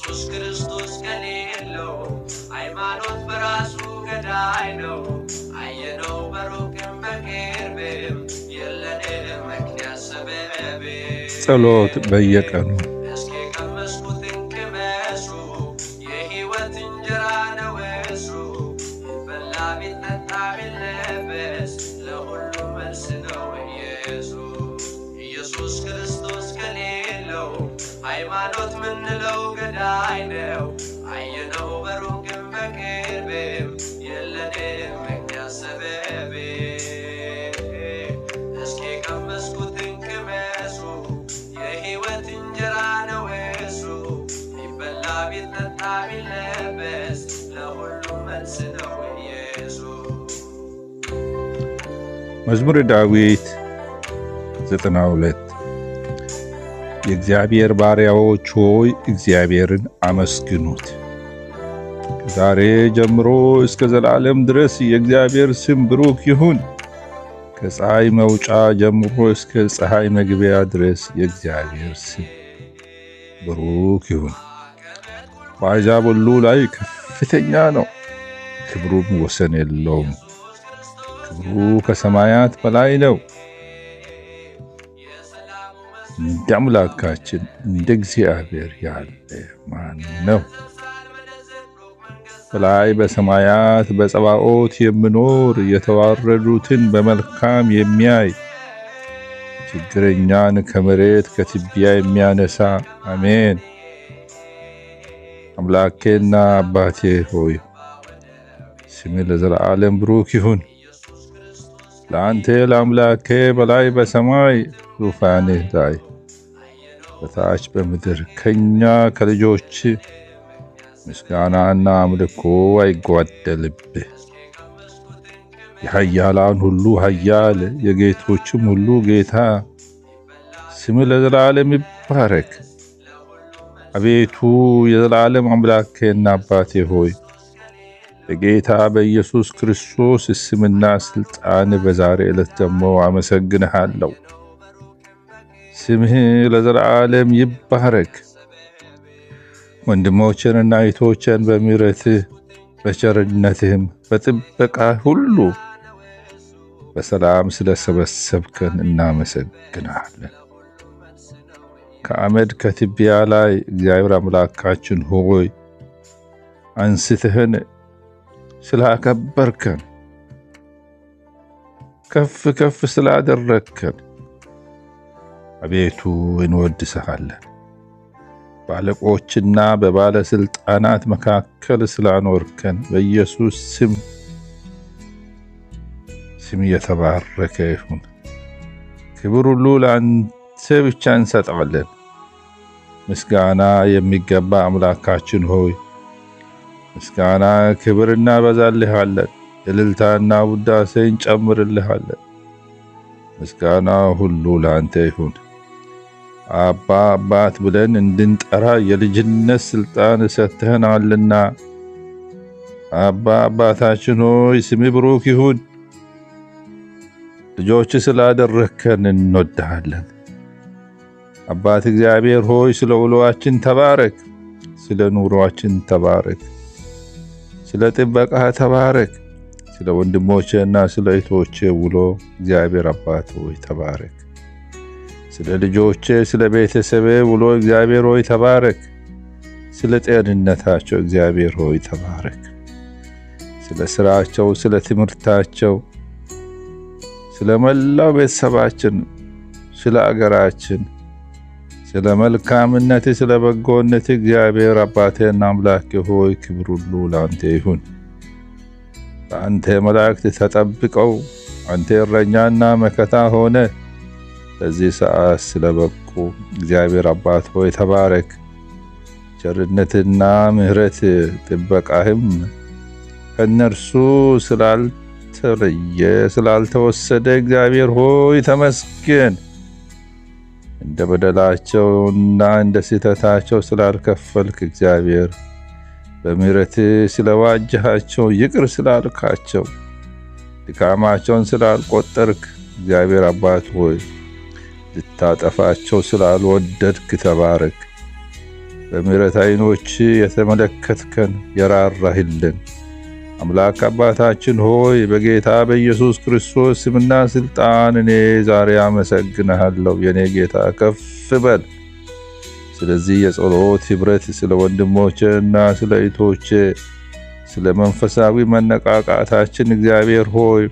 ኢየሱስ ክርስቶስ ከሌለው ሃይማኖት በራሱ ገዳይ ነው። አየነው በሩቅም በቅርብም የለንም ምክንያት ሰበብ ጸሎት በየቀኑ መዝሙር ዳዊት 92 የእግዚአብሔር ባሪያዎች ሆይ እግዚአብሔርን አመስግኑት። ከዛሬ ጀምሮ እስከ ዘላለም ድረስ የእግዚአብሔር ስም ብሩክ ይሁን። ከፀሐይ መውጫ ጀምሮ እስከ ፀሐይ መግቢያ ድረስ የእግዚአብሔር ስም ብሩክ ይሁን። በአሕዛብ ሁሉ ላይ ከፍተኛ ነው፣ ክብሩም ወሰን የለውም። እርሱ ከሰማያት በላይ ነው። እንደ አምላካችን እንደ እግዚአብሔር ያለ ማን ነው? በላይ በሰማያት በጸባኦት የምኖር የተዋረዱትን በመልካም የሚያይ ችግረኛን ከመሬት ከትቢያ የሚያነሳ አሜን። አምላኬና አባቴ ሆይ ስም ለዘላለም ብሩክ ይሁን። ለአንተ ለአምላኬ በላይ በሰማይ ዙፋኔ ላይ በታች በምድር ከኛ ከልጆች ምስጋናና አምልኮ አይጓደልብ! የሀያላን ሁሉ ሀያል የጌቶችም ሁሉ ጌታ ስም ለዘላለም ይባረክ። አቤቱ የዘላለም አምላኬና አባቴ ሆይ በጌታ በኢየሱስ ክርስቶስ ስምና ስልጣን በዛሬ ዕለት ደግሞ አመሰግንሃለሁ። ስምህ ለዘላለም ይባረክ። ወንድሞችንና እህቶችን በምሕረትህ በቸርነትህም በጥበቃ ሁሉ በሰላም ስለሰበሰብከን እናመሰግናለን። ከአመድ ከትቢያ ላይ እግዚአብሔር አምላካችን ሆይ አንስትህን ። ስላከበርከን፣ ከፍ ከፍ ስላደረግከን አቤቱ እንወድሰሃለን። በአለቆችና በባለስልጣናት መካከል ስላኖርከን በኢየሱስ ስም ስም የተባረከ ይሁን። ክብር ሁሉ ለአንተ ብቻ እንሰጣለን። ምስጋና የሚገባ አምላካችን ሆይ ምስጋና ክብር እናበዛልሃለን፣ እልልታና ውዳሴ እንጨምርልሃለን። ምስጋና ሁሉ ለአንተ ይሁን። አባ አባት ብለን እንድንጠራ የልጅነት ስልጣን ሰጥተህናልና አባ አባታችን ሆይ ስሚ ብሩክ ይሁን። ልጆች ስላደረከን እንወድሃለን። አባት እግዚአብሔር ሆይ ስለ ውሎዋችን ተባረክ፣ ስለ ኑሮአችን ተባረክ። ስለ ጥበቃህ ተባረክ። ስለ ወንድሞቼና እና ስለ እህቶቼ ውሎ እግዚአብሔር አባት ሆይ ተባረክ። ስለ ልጆቼ፣ ስለ ቤተሰቤ ውሎ እግዚአብሔር ሆይ ተባረክ። ስለ ጤንነታቸው እግዚአብሔር ሆይ ተባረክ። ስለ ስራቸው፣ ስለ ትምህርታቸው፣ ስለ መላው ቤተሰባችን፣ ስለ አገራችን ስለ መልካምነት ስለ በጎነት እግዚአብሔር አባቴና አምላኬ ሆይ ክብር ሁሉ ለአንተ ይሁን። በአንተ መላእክት ተጠብቀው አንተ እረኛና መከታ ሆነ በዚህ ሰዓት ስለ በቁ እግዚአብሔር አባት ሆይ ተባረክ። ቸርነትና ምሕረት ጥበቃህም ከእነርሱ ስላልተለየ ስላልተወሰደ እግዚአብሔር ሆይ ተመስገን። እንደ በደላቸውና እንደ ስህተታቸው ስላልከፈልክ እግዚአብሔር በምሕረት ስለዋጀሃቸው ይቅር ስላልካቸው ድካማቸውን ስላልቆጠርክ እግዚአብሔር አባት ሆይ ልታጠፋቸው ስላልወደድክ ተባረክ። በምሕረት ዓይኖች የተመለከትከን የራራህልን አምላክ አባታችን ሆይ በጌታ በኢየሱስ ክርስቶስ ስምና ስልጣን እኔ ዛሬ አመሰግንሃለሁ። የኔ ጌታ ከፍ በል። ስለዚህ የጸሎት ህብረት ስለ ወንድሞቼና እና ስለ እህቶቼ ስለ መንፈሳዊ መነቃቃታችን እግዚአብሔር ሆይ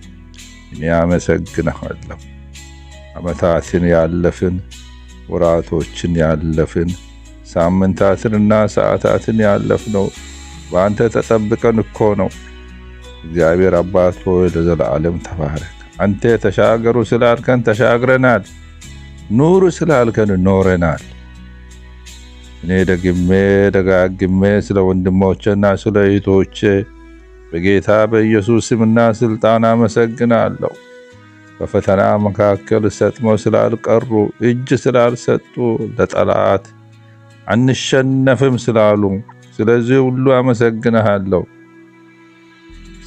እኔ አመሰግንሃለሁ። ዓመታትን ያለፍን፣ ወራቶችን ያለፍን፣ ሳምንታትንና ሰዓታትን ያለፍነው በአንተ ተጠብቀን እኮ ነው። እግዚአብሔር አባት ሆይ ለዘላለም ተባረክ። አንተ ተሻገሩ ስላልከን ተሻግረናል፣ ኑሩ ስላልከን ኖረናል። እኔ ደግሜ ደጋግሜ ስለ ወንድሞቼና ስለ እህቶቼ በጌታ በኢየሱስ ስምና ስልጣን አመሰግናለሁ። በፈተና መካከል ሰጥሞ ስላልቀሩ፣ እጅ ስላልሰጡ፣ ለጠላት አንሸነፍም ስላሉ፣ ስለዚህ ሁሉ አመሰግንሃለሁ።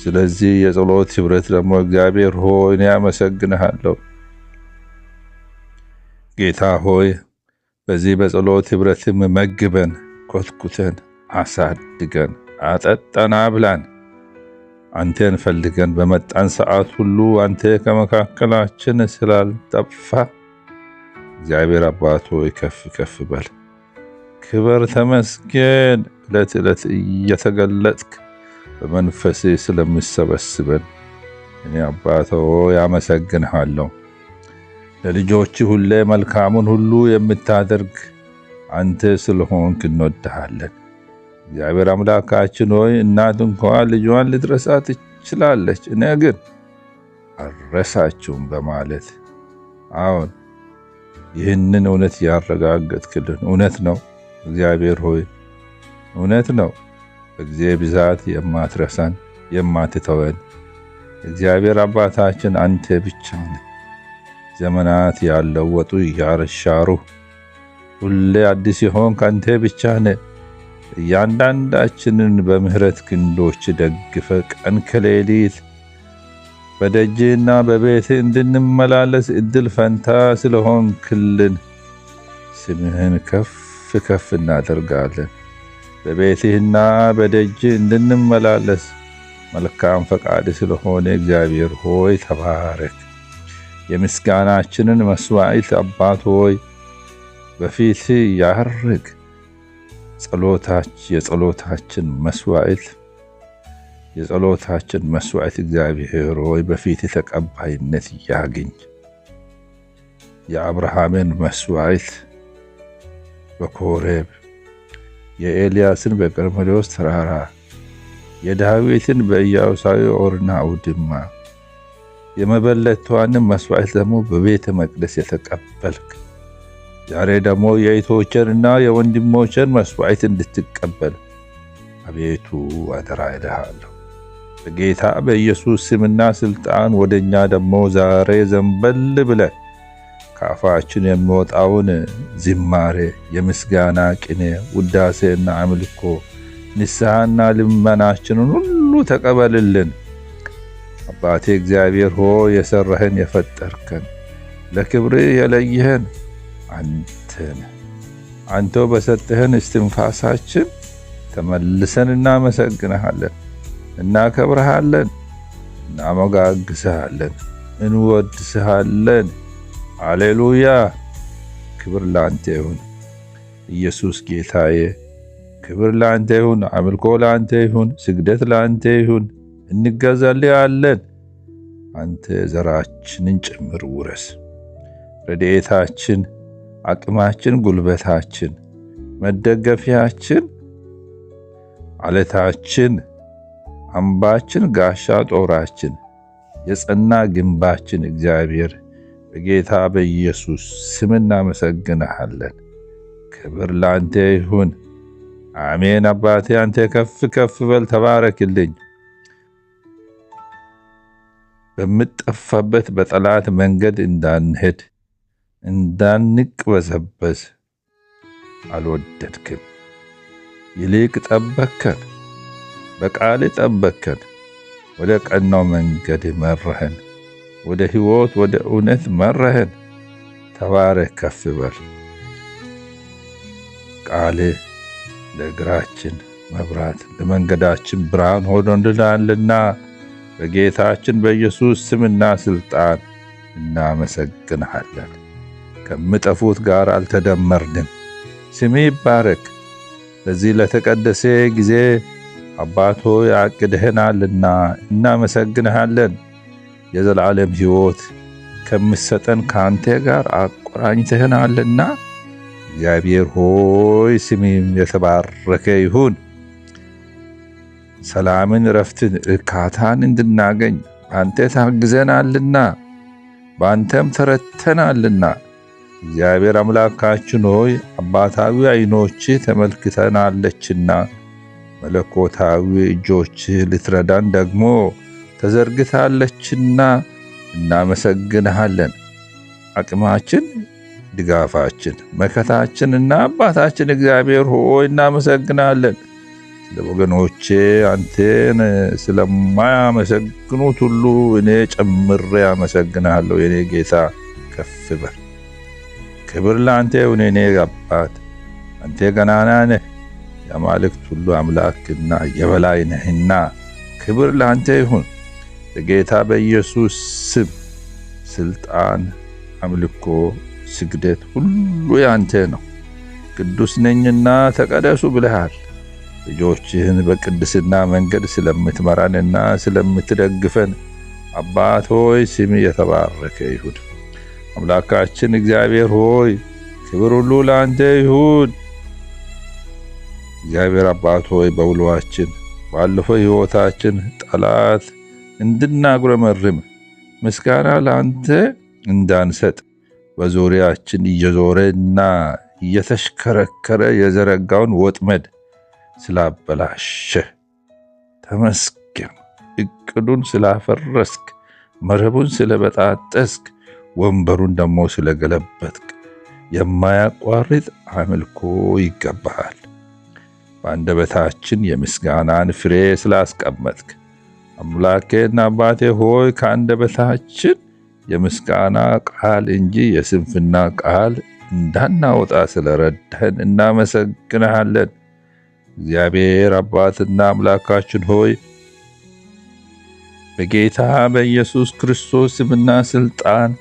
ስለዚህ የጸሎት ህብረት ደግሞ እግዚአብሔር ሆይ እኔ አመሰግንሃለሁ። ጌታ ሆይ በዚህ በጸሎት ህብረትም መግበን፣ ኮትኩተን፣ አሳድገን፣ አጠጠን አብላን። አንተን ፈልገን በመጣን ሰዓት ሁሉ አንተ ከመካከላችን ስላልጠፋ እግዚአብሔር አባት ሆይ ከፍ ከፍ በል፣ ክብር፣ ተመስገን ዕለት ዕለት እየተገለጥክ በመንፈሴ ስለምሰበስበን እኔ አባቶ ያመሰግንሃለሁ። ለልጆች ሁሌ መልካሙን ሁሉ የምታደርግ አንተ ስለሆንክ እንወድሃለን። እግዚአብሔር አምላካችን ሆይ እናት እንኳ ልጇን ልትረሳ ትችላለች፣ እኔ ግን አረሳችሁም በማለት አሁን ይህንን እውነት ያረጋገጥክልን እውነት ነው እግዚአብሔር ሆይ እውነት ነው። በጊዜ ብዛት የማትረሳን የማትተወን እግዚአብሔር አባታችን አንተ ብቻ ነህ። ዘመናት ያለወጡ ያረሻሩ ሁሌ አዲስ የሆን ከአንተ ብቻ ነህ። እያንዳንዳችንን በምህረት ክንዶች ደግፈ ቀን ከሌሊት በደጅና በቤት እንድንመላለስ እድል ፈንታ ስለሆንክልን ስምህን ከፍ ከፍ እናደርጋለን። በቤትህና በደጅህ እንድንመላለስ መልካም ፈቃድ ስለሆነ እግዚአብሔር ሆይ ተባረክ። የምስጋናችንን መስዋዕት አባት ሆይ በፊት ያርግ። ጸሎታች የጸሎታችን መስዋዕት የጸሎታችን መስዋዕት እግዚአብሔር ሆይ በፊት ተቀባይነት ያግኝ። የአብርሃምን መስዋዕት በኮሬብ የኤልያስን በቀርሜሎስ ተራራ የዳዊትን በኢያቡሳዊ ኦርና አውድማ የመበለቷንም መስዋዕት ደግሞ በቤተ መቅደስ የተቀበልክ ዛሬ ደግሞ የእህቶችን እና የወንድሞችን መስዋዕት እንድትቀበል አቤቱ አደራ ይልሃለሁ። በጌታ በኢየሱስ ስምና ስልጣን ወደኛ ደግሞ ዛሬ ዘንበል ብለህ ከአፋችን የሚወጣውን ዝማሬ፣ የምስጋና ቅኔ፣ ውዳሴና አምልኮ፣ ንስሐና ልመናችንን ሁሉ ተቀበልልን። አባቴ እግዚአብሔር ሆ የሰራህን የፈጠርከን ለክብር የለየህን አንተን አንተ በሰጠህን እስትንፋሳችን ተመልሰን እናመሰግንሃለን፣ እናከብረሃለን፣ እናመጋግስሃለን፣ እንወድስሃለን። አሌሉያ! ክብር ለአንተ ይሁን ኢየሱስ ጌታዬ፣ ክብር ለአንተ ይሁን፣ አምልኮ ለአንተ ይሁን፣ ስግደት ለአንተ ይሁን። እንገዛልሃለን። አንተ ዘራችንን ጭምር ውረስ። ረድኤታችን፣ አቅማችን፣ ጉልበታችን፣ መደገፊያችን፣ አለታችን፣ አምባችን፣ ጋሻ ጦራችን፣ የጸና ግንባችን እግዚአብሔር በጌታ በኢየሱስ ስም እናመሰግንሃለን። ክብር ለአንተ ይሁን። አሜን። አባቴ አንተ ከፍ ከፍ በል፣ ተባረክልኝ። በምጠፋበት በጠላት መንገድ እንዳንሄድ እንዳንቅበዘበዝ አልወደድክም። ይልቅ ጠበከን፣ በቃል ጠበከን፣ ወደ ቀናው መንገድ መራህን። ወደ ሕይወት ወደ እውነት መራህን። ተባረክ፣ ከፍ በል። ቃልህ ለእግራችን መብራት ለመንገዳችን ብርሃን ሆኖልናልና በጌታችን በኢየሱስ ስምና ሥልጣን እናመሰግንሃለን። ከምጠፉት ጋር አልተደመርንም። ስሜ ይባረክ። በዚህ ለተቀደሰ ጊዜ አባቶ ያቅድህናልና እናመሰግንሃለን። የዘላለም ሕይወት ከምሰጠን ከአንተ ጋር አቆራኝተህናልና እግዚአብሔር ሆይ ስምም የተባረከ ይሁን። ሰላምን፣ ረፍትን፣ እርካታን እንድናገኝ በአንተ ታግዘናልና በአንተም ተረተናልና እግዚአብሔር አምላካችን ሆይ አባታዊ አይኖች ተመልክተናለችና መለኮታዊ እጆች ልትረዳን ደግሞ ተዘርግታለችና እናመሰግንሃለን። አቅማችን፣ ድጋፋችን፣ መከታችንና አባታችን እግዚአብሔር ሆይ እናመሰግናለን። ስለ ወገኖቼ አንቴን ስለማያመሰግኑት ሁሉ እኔ ጨምሬ አመሰግናለሁ። የኔ ጌታ ከፍ በል። ክብር ለአንተ ይሁን የኔ አባት፣ አንተ ገናና ነህ። የአማልክት ሁሉ አምላክና የበላይ ነህና ክብር ለአንተ ይሁን። በጌታ በኢየሱስ ስም ስልጣን፣ አምልኮ፣ ስግደት ሁሉ ያንተ ነው። ቅዱስ ነኝና ተቀደሱ ብለሃል። ልጆችህን በቅድስና መንገድ ስለምትመራንና ስለምትደግፈን አባት ሆይ ስም የተባረከ ይሁን። አምላካችን እግዚአብሔር ሆይ ክብር ሁሉ ለአንተ ይሁን። እግዚአብሔር አባት ሆይ በውሏችን ባለፈው ሕይወታችን ጠላት እንድናጉረመርም ምስጋና ለአንተ እንዳንሰጥ በዙሪያችን እየዞረና እየተሽከረከረ የዘረጋውን ወጥመድ ስላበላሸ ተመስገን። እቅዱን ስላፈረስክ፣ መረቡን ስለበጣጠስክ፣ ወንበሩን ደግሞ ስለገለበትክ የማያቋርጥ አምልኮ ይገባሃል። በአንደበታችን የምስጋናን ፍሬ ስላስቀመጥክ አምላኬና አባቴ ሆይ ከአንደበታችን የምስጋና ቃል እንጂ የስንፍና ቃል እንዳናወጣ ስለረዳህን እናመሰግንሃለን። እግዚአብሔር አባትና አምላካችን ሆይ በጌታ በኢየሱስ ክርስቶስ ስምና ስልጣን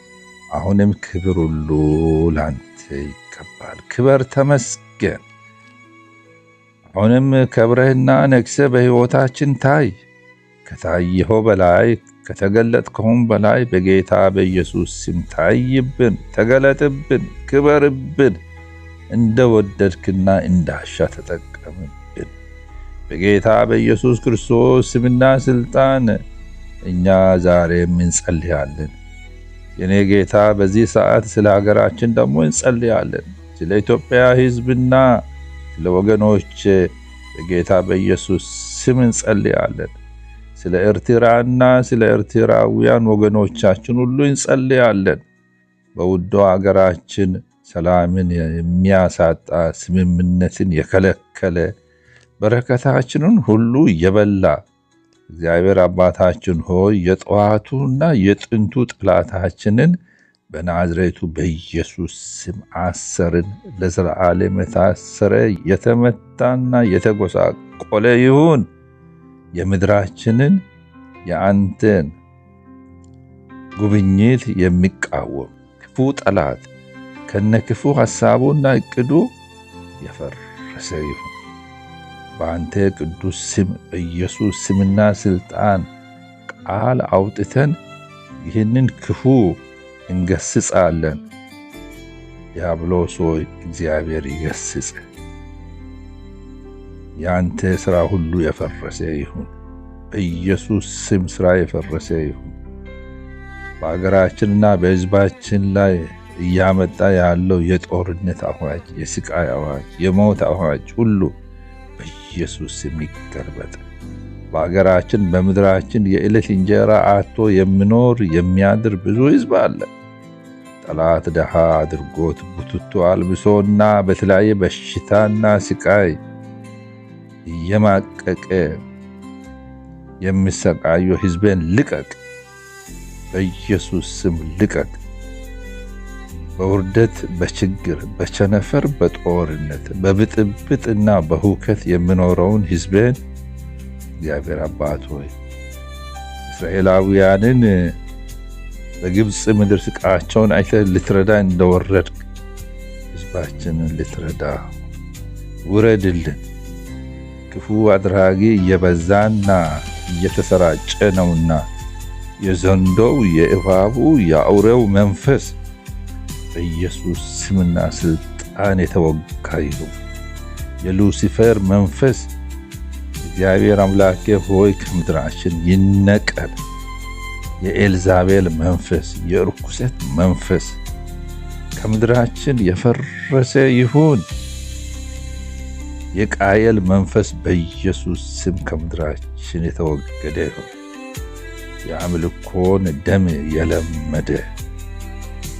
አሁንም ክብር ሁሉ ላንተ ይገባል። ክበር፣ ተመስገን። አሁንም ከብረህና ነግሰ በሕይወታችን ታይ። ከታየሆ በላይ ከተገለጥከውም በላይ በጌታ በኢየሱስ ስም ታይብን፣ ተገለጥብን፣ ክበርብን፣ እንደ ወደድክና እንዳሻ ተጠቀምብን። በጌታ በኢየሱስ ክርስቶስ ስምና ስልጣን እኛ ዛሬም እንጸልያለን። የኔ ጌታ በዚህ ሰዓት ስለ ሀገራችን ደግሞ እንጸልያለን። ስለ ኢትዮጵያ ሕዝብና ስለ ወገኖች በጌታ በኢየሱስ ስም እንጸልያለን። ስለ ኤርትራና ስለ ኤርትራውያን ወገኖቻችን ሁሉ እንጸልያለን። በውዶ አገራችን ሰላምን የሚያሳጣ ስምምነትን የከለከለ በረከታችንን ሁሉ የበላ እግዚአብሔር አባታችን ሆይ የጠዋቱና የጥንቱ ጥላታችንን በናዝሬቱ በኢየሱስ ስም አሰርን። ለዘላለም የታሰረ የተመታና የተጎሳቆለ ይሁን። የምድራችንን የአንተን ጉብኝት የሚቃወም ክፉ ጠላት ከነክፉ ሐሳቡና እቅዱ የፈረሰ ይሁን። በአንተ ቅዱስ ስም በኢየሱስ ስምና ሥልጣን ቃል አውጥተን ይህንን ክፉ እንገስጻለን። ዲያብሎስ ሆይ እግዚአብሔር ይገስጽ። የአንተ ሥራ ሁሉ የፈረሰ ይሁን። በኢየሱስ ስም ሥራ የፈረሰ ይሁን። በአገራችንና በሕዝባችን ላይ እያመጣ ያለው የጦርነት አዋጅ፣ የስቃይ አዋጅ፣ የሞት አዋጅ ሁሉ በኢየሱስ ስም ይገርበጥ። በአገራችን በምድራችን የዕለት እንጀራ አቶ የሚኖር የሚያድር ብዙ ሕዝብ አለ። ጠላት ደሃ አድርጎት ቡትቶ አልብሶና በተለያየ በሽታና ስቃይ እየማቀቀ የሚሰቃዩ ህዝቤን ልቀቅ፣ በኢየሱስ ስም ልቀቅ። በውርደት በችግር በቸነፈር በጦርነት በብጥብጥና በሁከት የሚኖረውን ህዝቤን እግዚአብሔር አባት ሆይ እስራኤላውያንን በግብፅ ምድር ስቃቸውን አይተ ልትረዳ እንደወረድክ ህዝባችንን ልትረዳ ውረድልን። ክፉ አድራጊ እየበዛና እየተሰራጨ ነውና የዘንዶው የእባቡ የአውሬው መንፈስ በኢየሱስ ስምና ስልጣን የተወጋ ይሁን። የሉሲፌር መንፈስ እግዚአብሔር አምላኬ ሆይ ከምድራችን ይነቀል። የኤልዛቤል መንፈስ፣ የርኩሰት መንፈስ ከምድራችን የፈረሰ ይሁን። የቃየል መንፈስ በኢየሱስ ስም ከምድራችን የተወገደ ይሁን። የአምልኮን ደም የለመደ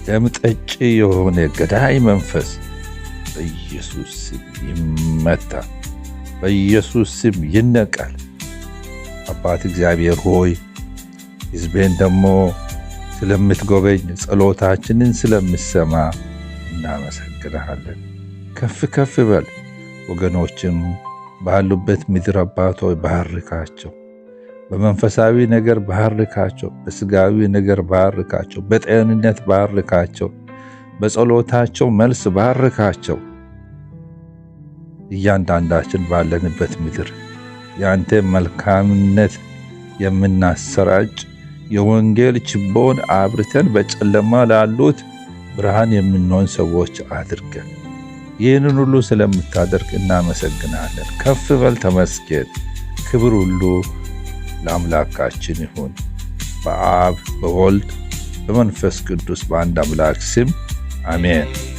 ደም ጠጭ የሆነ ገዳይ መንፈስ በኢየሱስ ስም ይመታ፣ በኢየሱስ ስም ይነቃል። አባት እግዚአብሔር ሆይ ሕዝቤን ደግሞ ስለምትጎበኝ ጸሎታችንን ስለምሰማ እናመሰግናሃለን። ከፍ ከፍ በል ወገኖችን ባሉበት ምድር አባቶ ባርካቸው። በመንፈሳዊ ነገር ባርካቸው፣ በስጋዊ ነገር ባርካቸው፣ በጤንነት ባርካቸው፣ በጸሎታቸው መልስ ባርካቸው። እያንዳንዳችን ባለንበት ምድር የአንተ መልካምነት የምናሰራጭ የወንጌል ችቦን አብርተን በጨለማ ላሉት ብርሃን የምንሆን ሰዎች አድርገን ይህንን ሁሉ ስለምታደርግ እናመሰግናለን። ከፍ በል ተመስገን። ክብር ሁሉ ለአምላካችን ይሁን። በአብ በወልድ በመንፈስ ቅዱስ በአንድ አምላክ ስም አሜን።